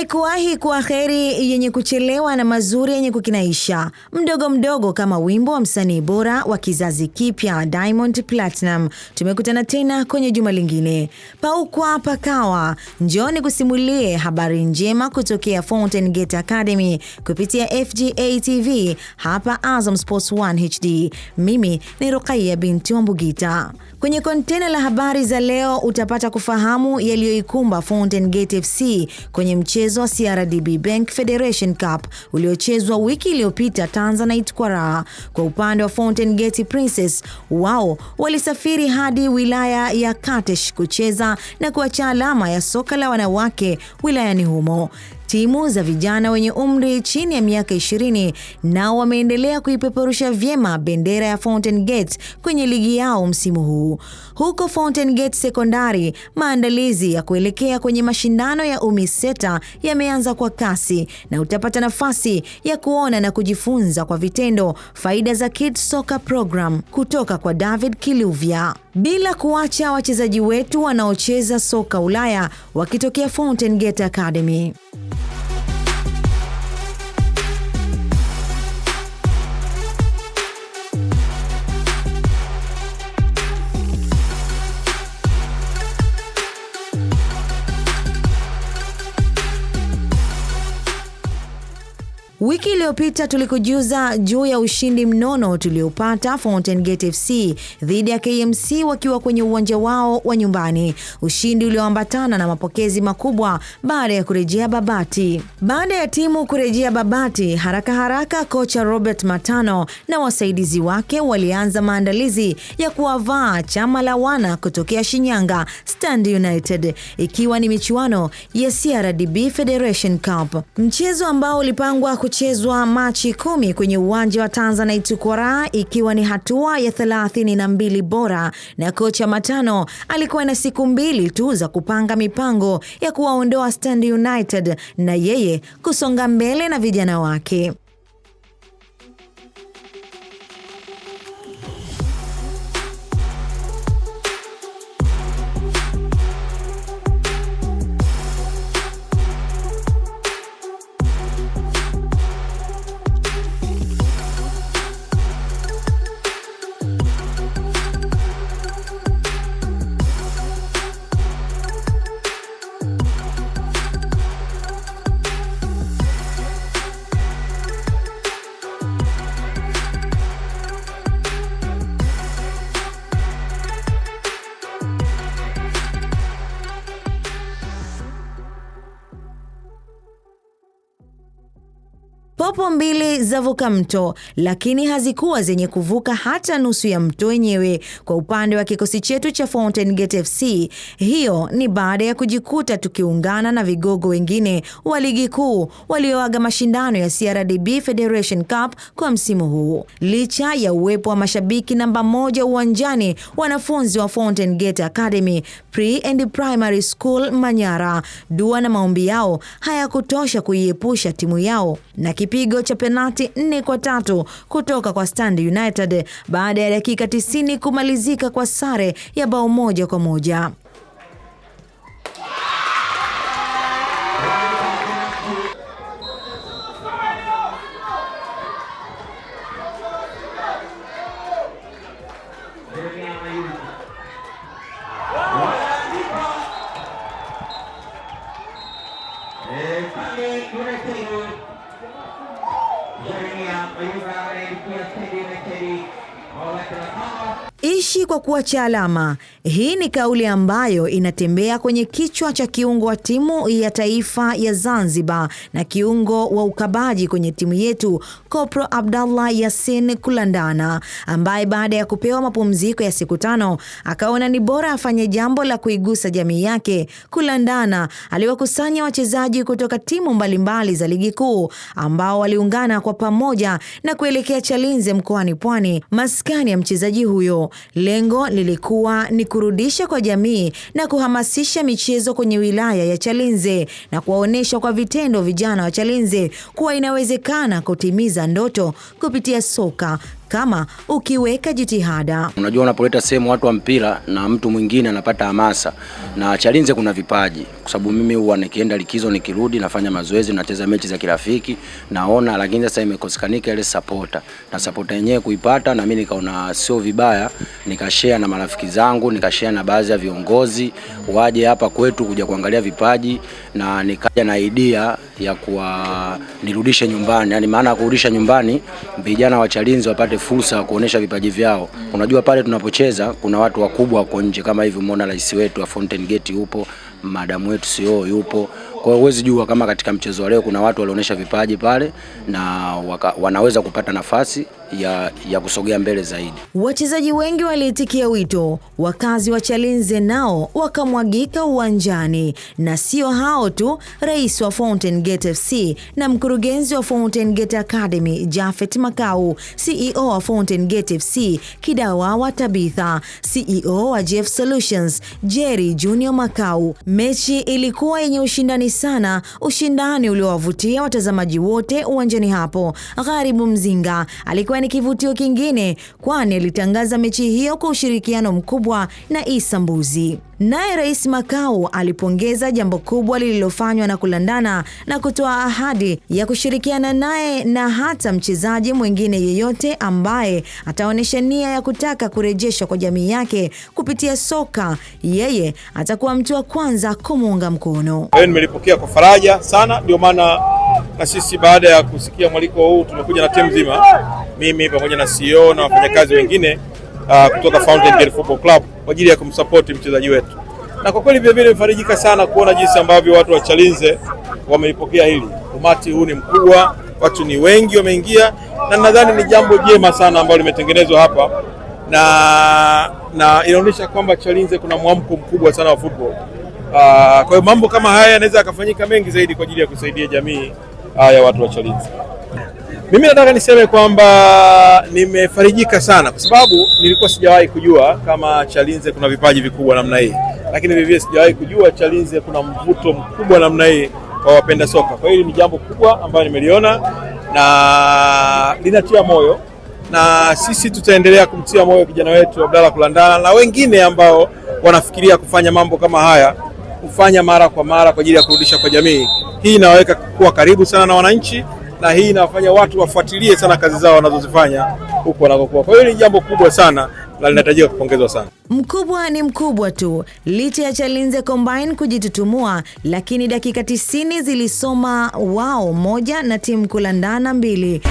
Haikuwahi kuwa heri yenye kuchelewa na mazuri yenye kukinaisha. Mdogo mdogo kama wimbo wa msanii bora wa kizazi kipya Diamond Platinum. Tumekutana tena kwenye juma lingine, paukwa pakawa. njoni kusimulie habari njema kutokea Fountain Gate Academy kupitia FGA TV hapa Azam Sports 1 HD. Mimi ni Rukaiya binti wa Mbugita. Kwenye kontena la habari za leo utapata kufahamu yaliyoikumba Fountain Gate FC kwenye mchezo mchezo wa CRDB Bank Federation Cup uliochezwa wiki iliyopita Tanzanite kwa raha. Kwa upande wa Fountain Gate Princess, wao walisafiri hadi wilaya ya Katesh kucheza na kuacha alama ya soka la wanawake wilayani humo. Timu za vijana wenye umri chini ya miaka 20 nao wameendelea kuipeperusha vyema bendera ya Fountain Gate kwenye ligi yao msimu huu. Huko Fountain Gate Sekondari, maandalizi ya kuelekea kwenye mashindano ya UMISETA yameanza kwa kasi na utapata nafasi ya kuona na kujifunza kwa vitendo faida za Kids Soccer Program kutoka kwa David Kiluvya. Bila kuacha wachezaji wetu wanaocheza soka Ulaya wakitokea Fountain Gate Academy. Wiki iliyopita tulikujuza juu ya ushindi mnono tuliopata Fountain Gate FC dhidi ya KMC wakiwa kwenye uwanja wao wa nyumbani, ushindi ulioambatana na mapokezi makubwa baada ya kurejea Babati. Baada ya timu kurejea Babati, haraka haraka kocha Robert Matano na wasaidizi wake walianza maandalizi ya kuwavaa chama la wana kutokea Shinyanga Stand United, ikiwa ni michuano ya CRDB Federation Cup, mchezo ambao ulipangwa kuch itachezwa Machi kumi kwenye uwanja wa Tanzanite Ukora, ikiwa ni hatua ya thelathini na mbili bora, na kocha Matano alikuwa na siku mbili tu za kupanga mipango ya kuwaondoa Stand United na yeye kusonga mbele na vijana wake. Kopo mbili zavuka mto, lakini hazikuwa zenye kuvuka hata nusu ya mto wenyewe. Kwa upande wa kikosi chetu cha Fountain Gate FC, hiyo ni baada ya kujikuta tukiungana na vigogo wengine wa ligi kuu walioaga mashindano ya CRDB Federation Cup kwa msimu huu. Licha ya uwepo wa mashabiki namba moja uwanjani, wanafunzi wa Fountain Gate Academy Pre and Primary School Manyara, dua na maombi yao hayakutosha kuiepusha timu yao na kipi kipigo cha penati nne kwa tatu kutoka kwa Stand United baada ya dakika 90 kumalizika kwa sare ya bao moja kwa moja. haishi kwa kuacha alama. Hii ni kauli ambayo inatembea kwenye kichwa cha kiungo wa timu ya taifa ya Zanzibar na kiungo wa ukabaji kwenye timu yetu Kopro Abdallah Yasin Kulandana, ambaye baada ya kupewa mapumziko ya siku tano akaona ni bora afanye jambo la kuigusa jamii yake. Kulandana aliwakusanya wachezaji kutoka timu mbalimbali za ligi kuu ambao waliungana kwa pamoja na kuelekea Chalinze mkoani Pwani, maskani ya mchezaji huyo. Lengo lilikuwa ni kurudisha kwa jamii na kuhamasisha michezo kwenye wilaya ya Chalinze na kuwaonyesha kwa vitendo vijana wa Chalinze kuwa inawezekana kutimiza ndoto kupitia soka kama ukiweka jitihada. Unajua, unapoleta sehemu watu wa mpira na mtu mwingine anapata hamasa, na Chalinze kuna vipaji, kwa sababu mimi huwa nikienda likizo, nikirudi nafanya mazoezi, nacheza mechi za kirafiki, naona. Lakini sasa imekosekanika ile sapota na sapota yenyewe kuipata, na mimi nikaona sio vibaya, nikashare na marafiki zangu, nikashare na baadhi ya viongozi waje hapa kwetu kuja kuangalia vipaji, na nikaja na idea ya kuwa nirudishe nyumbani, yani maana kurudisha nyumbani vijana wa Chalinze wapate fursa ya kuonesha vipaji vyao. Unajua pale tunapocheza kuna watu wakubwa wako nje, kama hivi umeona rais wetu wa Fountain Gate yupo, madamu wetu CEO yupo. Kwa hiyo huwezi jua kama katika mchezo wa leo kuna watu walionyesha vipaji pale na waka, wanaweza kupata nafasi ya, ya kusogea mbele zaidi. Wachezaji wengi waliitikia wito, wakazi wa Chalinze nao wakamwagika uwanjani, na sio hao tu. Rais wa Fountain Gate FC na mkurugenzi wa Fountain Gate Academy Jafet Makau, CEO wa Fountain Gate FC Kidawa wa Tabitha, CEO wa GF Solutions Jerry Junior Makau. Mechi ilikuwa yenye ushindani sana, ushindani uliowavutia watazamaji wote uwanjani hapo. Gharibu Mzinga alikuwa ni kivutio kingine, kwani alitangaza mechi hiyo kwa ushirikiano mkubwa na Issa Mbuzi. Naye Rais Makau alipongeza jambo kubwa lililofanywa na kulandana na kutoa ahadi ya kushirikiana naye na hata mchezaji mwingine yeyote ambaye ataonyesha nia ya kutaka kurejeshwa kwa jamii yake kupitia soka, yeye atakuwa mtu wa kwanza kumuunga mkono. Nimelipokea kwa faraja sana, ndio maana na sisi baada ya kusikia mwaliko huu tumekuja na timu nzima, mimi pamoja na CEO na wafanyakazi wengine uh, kutoka Fountain Gate Football Club kwa ajili ya kumsupport mchezaji wetu, na kwa kweli vilevile nimefarijika sana kuona jinsi ambavyo watu wa Chalinze wamelipokea hili. Umati huu ni mkubwa, watu ni wengi wameingia, na nadhani ni jambo jema sana ambalo limetengenezwa hapa na, na inaonyesha kwamba Chalinze kuna mwamko mkubwa sana wa football. Uh, kwa hiyo mambo kama haya yanaweza yakafanyika mengi zaidi kwa ajili ya kusaidia jamii haya watu wa Chalinze. Mimi nataka niseme kwamba nimefarijika sana, kwa sababu nilikuwa sijawahi kujua kama Chalinze kuna vipaji vikubwa namna hii, lakini vivyo sijawahi kujua Chalinze kuna mvuto mkubwa namna hii kwa wapenda soka. Kwa hiyo ni jambo kubwa ambayo nimeliona na linatia moyo, na sisi tutaendelea kumtia moyo kijana wetu Abdalla Kulandana na wengine ambao wanafikiria kufanya mambo kama haya kufanya mara kwa mara kwa ajili ya kurudisha kwa jamii. Hii inaweka kuwa karibu sana na wananchi na hii inawafanya watu wafuatilie sana kazi zao wanazozifanya huko wanakokuwa. Kwa hiyo ni jambo kubwa sana na linahitajika kupongezwa sana. Mkubwa ni mkubwa tu. Licha ya Chalinze Combine kujitutumua, lakini dakika tisini zilisoma wao moja na timu kulandana mbili.